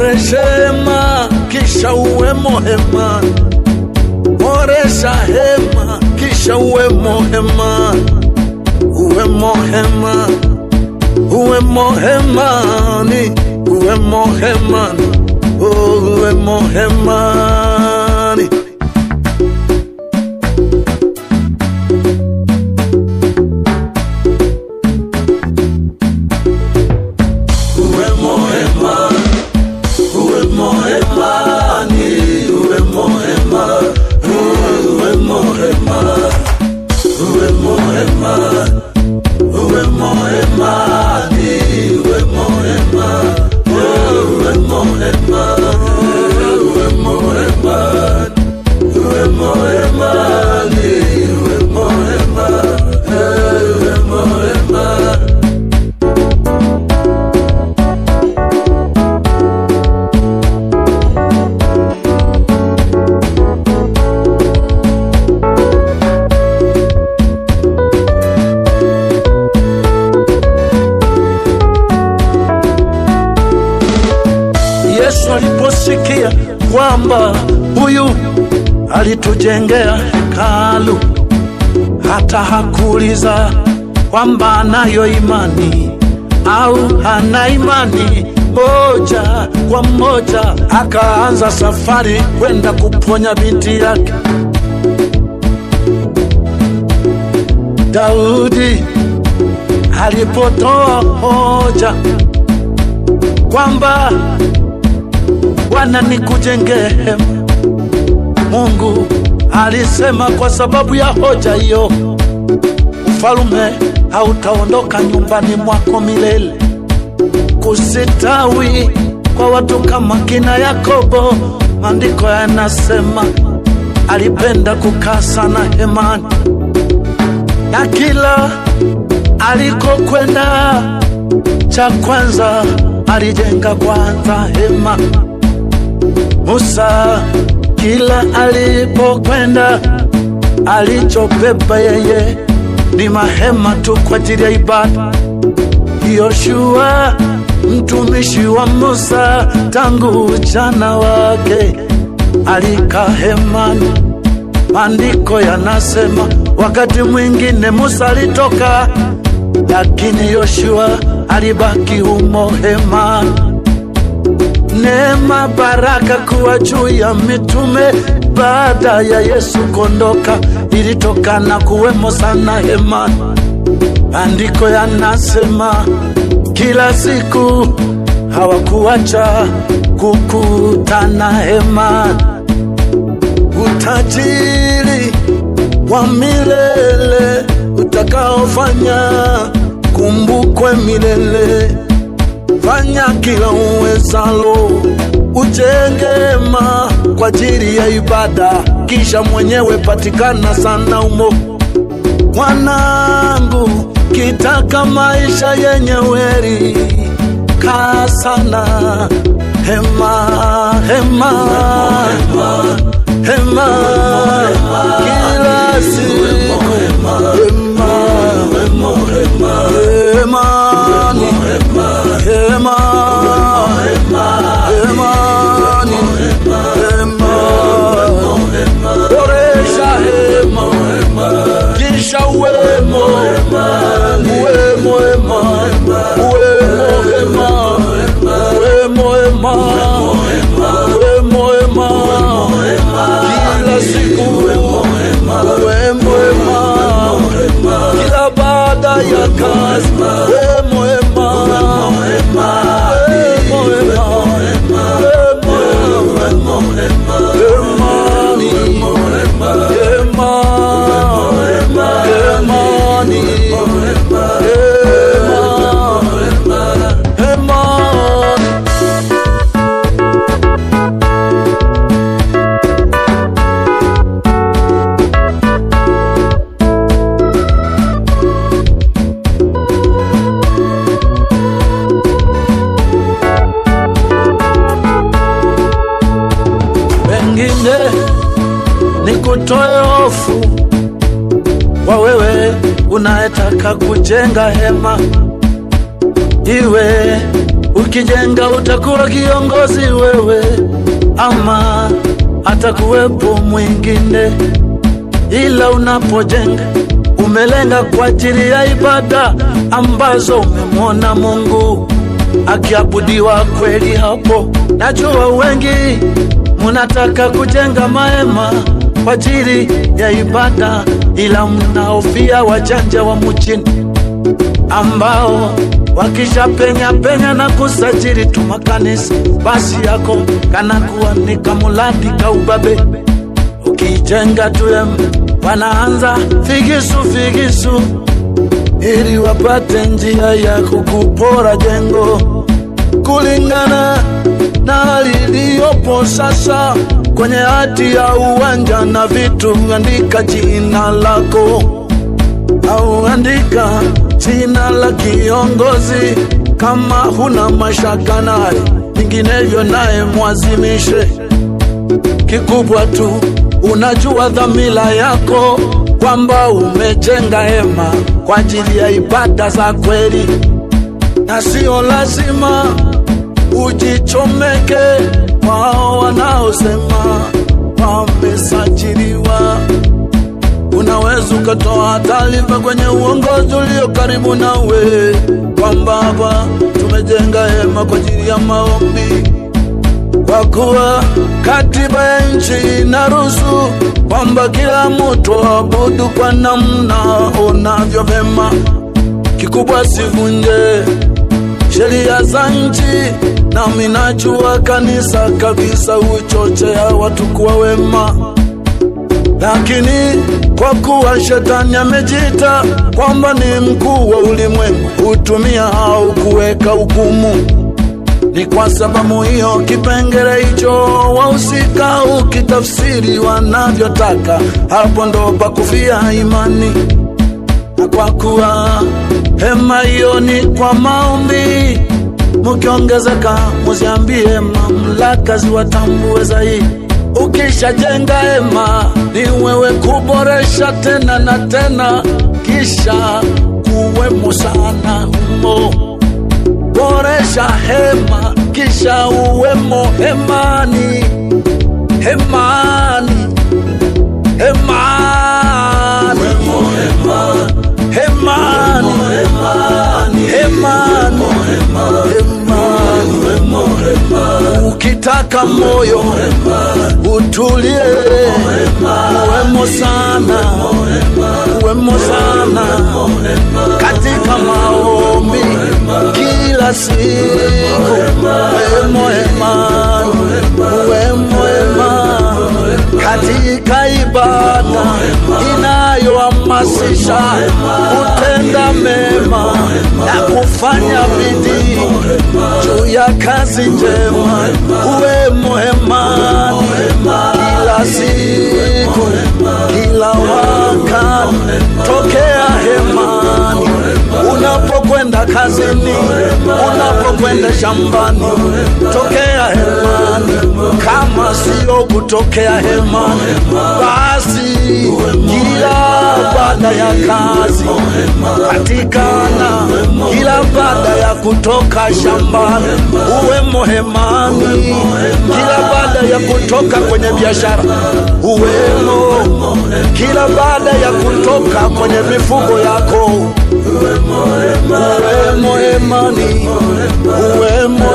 Oresha hema kisha uwemo hema, oresha hema kisha uwemo hema, uwemo hema, uwemo hemani, uwemo hemani, oh, uwemo Yesu aliposikia kwamba huyu alitujengea hekalu, hata hakuuliza kwamba anayo imani au hana imani, moja kwa moja akaanza safari kwenda kuponya binti yake Daudi. Alipotoa hoja kwamba Bwana nikujenge hema. Mungu alisema kwa sababu ya hoja hiyo, ufalume hautaondoka nyumbani mwako milele. Kusitawi kwa watu kama kina Yakobo, maandiko yanasema alipenda kukaa sana hemani, na kila alikokwenda cha kwanza alijenga kwanza hema. Musa kila alipokwenda alichobeba yeye ni mahema tu kwa ajili ya ibada. Yoshua mtumishi wa Musa tangu ujana wake alikaa hemani. Maandiko yanasema wakati mwingine Musa alitoka, lakini Yoshua alibaki humo hemani neema baraka kuwa juu ya mitume baada ya Yesu kondoka ilitokana kuwemo sana hema. Andiko yanasema kila siku hawakuacha kukutana hema. Utajiri wa milele utakaofanya kumbukwe milele, fanya kila wenzalo, ujenge ma kwa ajili ya ibada, kisha mwenyewe patikana sana umo. Mwanangu, kitaka maisha yenye weri, kaa sana hema, hema, hema, hema, hema. nikutoe hofu, kwa wewe unayetaka kujenga hema. Iwe ukijenga utakuwa kiongozi wewe, ama atakuwepo mwingine, ila unapojenga umelenga kwa ajili ya ibada ambazo umemwona Mungu akiabudiwa kweli. Hapo najua wengi munataka kujenga mahema kwa ajili ya ibada, ila mnaofia wajanja wa mchini ambao wakisha penya penya na kusajiri tu makanisa, basi yako kanakuwa ni kamulati ka ubabe. Ukijenga tu wanaanza figisu figisu, ili wapate njia ya kukupora jengo kulingana na hali sasa kwenye hati ya uwanja na vitu, andika jina lako au andika jina la kiongozi kama huna mashaka naye, vinginevyo naye mwazimishe. Kikubwa tu unajua dhamira yako kwamba umejenga hema kwa ajili ya ibada za kweli na sio lazima ujichomeke kwao wanaosema wamesajiliwa. Unaweza ukatoa taarifa kwenye uongozi ulio karibu nawe kwamba hapa tumejenga hema kwa ajili ya maombi, kwa kuwa katiba ya nchi inaruhusu kwamba kila mtu abudu kwa namna unavyo vema. Kikubwa sivunje sheria za nchi nami najua kanisa kabisa huchochea watu kuwa wema, lakini kwa kuwa shetani amejita kwamba ni mkuu wa ulimwengu, hutumia au kuweka hukumu. Ni kwa sababu hiyo kipengele hicho wahusika ukitafsiri wanavyotaka, hapo ndo kufia imani. Na kwa kuwa hema hiyo ni kwa maombi mukiongezeka, muziambie mamlaka ziwatambue zaidi. Ukishajenga hema, ni wewe kuboresha tena na tena, kisha kuwemo sana humo. Boresha hema, kisha uwemo hemani, hemani, hemani, hemani, hemani, hemani. Ukitaka moyo utulie, uwemo sana, uwemo sana katika maombi kila siku, uwemo emani, uwemo emani katika ibada inayohamasisha kutenda mema na kufanya bidii juu ya kazi njema. Uwe muhemani kila siku, kila wakati, tokea hemani unapokwenda kazini, unapokwenda shambani, tokea hemani sio kutokea hema. Basi kila baada ya kazi patikana, kila baada ya kutoka shambani uwe hemani, kila baada ya kutoka kwenye biashara uwemo, kila baada ya kutoka kwenye mifugo yako uwemo hemani, uwemo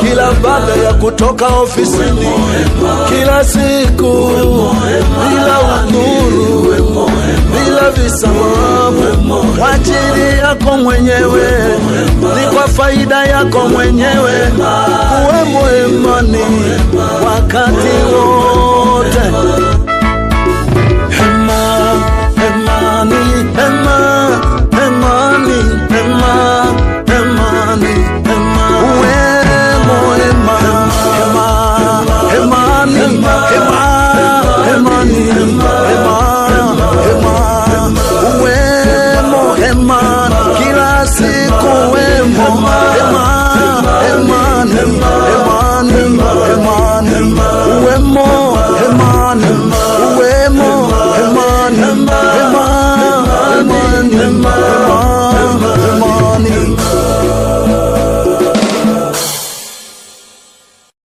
kila baada ya kutoka ofisini, kila siku bila udhuru, bila visababu, kwa ajili yako mwenyewe, ni kwa faida yako mwenyewe, uwemo hemani wakati wote